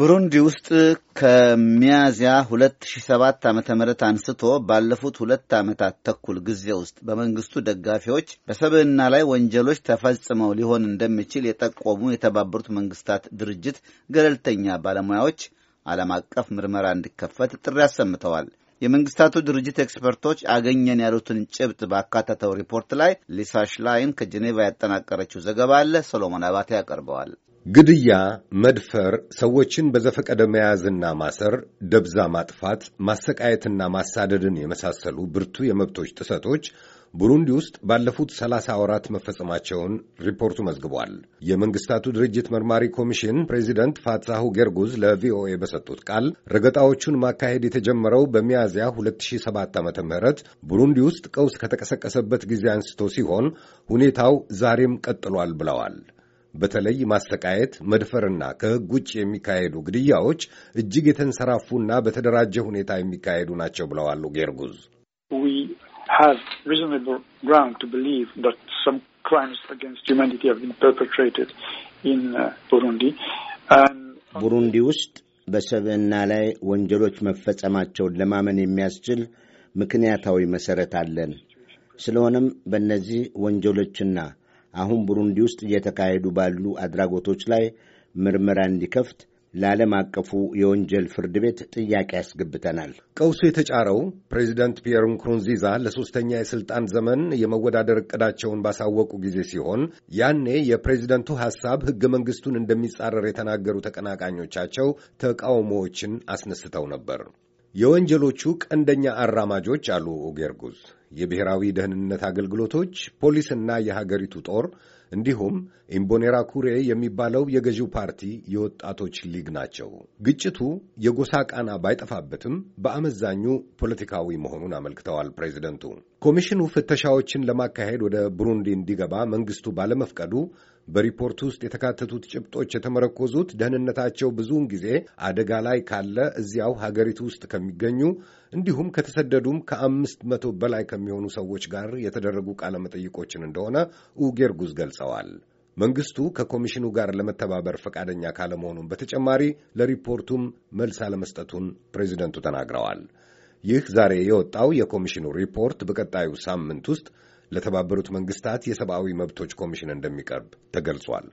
ብሩንዲ ውስጥ ከሚያዝያ 2007 ም አንስቶ ባለፉት ሁለት ዓመታት ተኩል ጊዜ ውስጥ በመንግስቱ ደጋፊዎች በሰብዕና ላይ ወንጀሎች ተፈጽመው ሊሆን እንደሚችል የጠቆሙ የተባበሩት መንግስታት ድርጅት ገለልተኛ ባለሙያዎች ዓለም አቀፍ ምርመራ እንዲከፈት ጥሪ አሰምተዋል። የመንግስታቱ ድርጅት ኤክስፐርቶች አገኘን ያሉትን ጭብጥ ባካተተው ሪፖርት ላይ ሊሳ ሽላይን ከጄኔቫ ያጠናቀረችው ዘገባ አለ። ሰሎሞን አባቴ ያቀርበዋል። ግድያ፣ መድፈር፣ ሰዎችን በዘፈቀደ መያዝና ማሰር፣ ደብዛ ማጥፋት፣ ማሰቃየትና ማሳደድን የመሳሰሉ ብርቱ የመብቶች ጥሰቶች ቡሩንዲ ውስጥ ባለፉት 30 ወራት መፈጸማቸውን ሪፖርቱ መዝግቧል። የመንግስታቱ ድርጅት መርማሪ ኮሚሽን ፕሬዚደንት ፋትሳሁ ጌርጉዝ ለቪኦኤ በሰጡት ቃል ረገጣዎቹን ማካሄድ የተጀመረው በሚያዝያ 2007 ዓ ም ቡሩንዲ ውስጥ ቀውስ ከተቀሰቀሰበት ጊዜ አንስቶ ሲሆን ሁኔታው ዛሬም ቀጥሏል ብለዋል። በተለይ ማሰቃየት፣ መድፈርና ከሕግ ውጭ የሚካሄዱ ግድያዎች እጅግ የተንሰራፉና በተደራጀ ሁኔታ የሚካሄዱ ናቸው ብለዋሉ ጌርጉዝ have reasonable ground to believe that some crimes against humanity have been perpetrated in uh, Burundi. ቡሩንዲ ውስጥ በሰብዕና ላይ ወንጀሎች መፈጸማቸውን ለማመን የሚያስችል ምክንያታዊ መሠረት አለን። ስለሆነም በእነዚህ ወንጀሎችና አሁን ቡሩንዲ ውስጥ እየተካሄዱ ባሉ አድራጎቶች ላይ ምርመራ እንዲከፍት ለዓለም አቀፉ የወንጀል ፍርድ ቤት ጥያቄ አስገብተናል። ቀውሱ የተጫረው ፕሬዚደንት ፒየር ንኩሩንዚዛ ለሦስተኛ የሥልጣን ዘመን የመወዳደር ዕቅዳቸውን ባሳወቁ ጊዜ ሲሆን ያኔ የፕሬዚደንቱ ሐሳብ ሕገ መንግሥቱን እንደሚጻረር የተናገሩ ተቀናቃኞቻቸው ተቃውሞዎችን አስነስተው ነበር። የወንጀሎቹ ቀንደኛ አራማጆች አሉ ኦጌርጉዝ የብሔራዊ ደህንነት አገልግሎቶች፣ ፖሊስና የሀገሪቱ ጦር እንዲሁም ኢምቦኔራ ኩሬ የሚባለው የገዢው ፓርቲ የወጣቶች ሊግ ናቸው። ግጭቱ የጎሳ ቃና ባይጠፋበትም በአመዛኙ ፖለቲካዊ መሆኑን አመልክተዋል ፕሬዚደንቱ። ኮሚሽኑ ፍተሻዎችን ለማካሄድ ወደ ቡሩንዲ እንዲገባ መንግስቱ ባለመፍቀዱ በሪፖርት ውስጥ የተካተቱት ጭብጦች የተመረኮዙት ደህንነታቸው ብዙውን ጊዜ አደጋ ላይ ካለ እዚያው ሀገሪቱ ውስጥ ከሚገኙ እንዲሁም ከተሰደዱም ከአምስት መቶ በላይ ከሚሆኑ ሰዎች ጋር የተደረጉ ቃለ መጠይቆችን እንደሆነ ኡጌርጉዝ ገልጸዋል። መንግስቱ ከኮሚሽኑ ጋር ለመተባበር ፈቃደኛ ካለመሆኑም በተጨማሪ ለሪፖርቱም መልስ አለመስጠቱን ፕሬዚደንቱ ተናግረዋል። ይህ ዛሬ የወጣው የኮሚሽኑ ሪፖርት በቀጣዩ ሳምንት ውስጥ ለተባበሩት መንግስታት የሰብአዊ መብቶች ኮሚሽን እንደሚቀርብ ተገልጿል።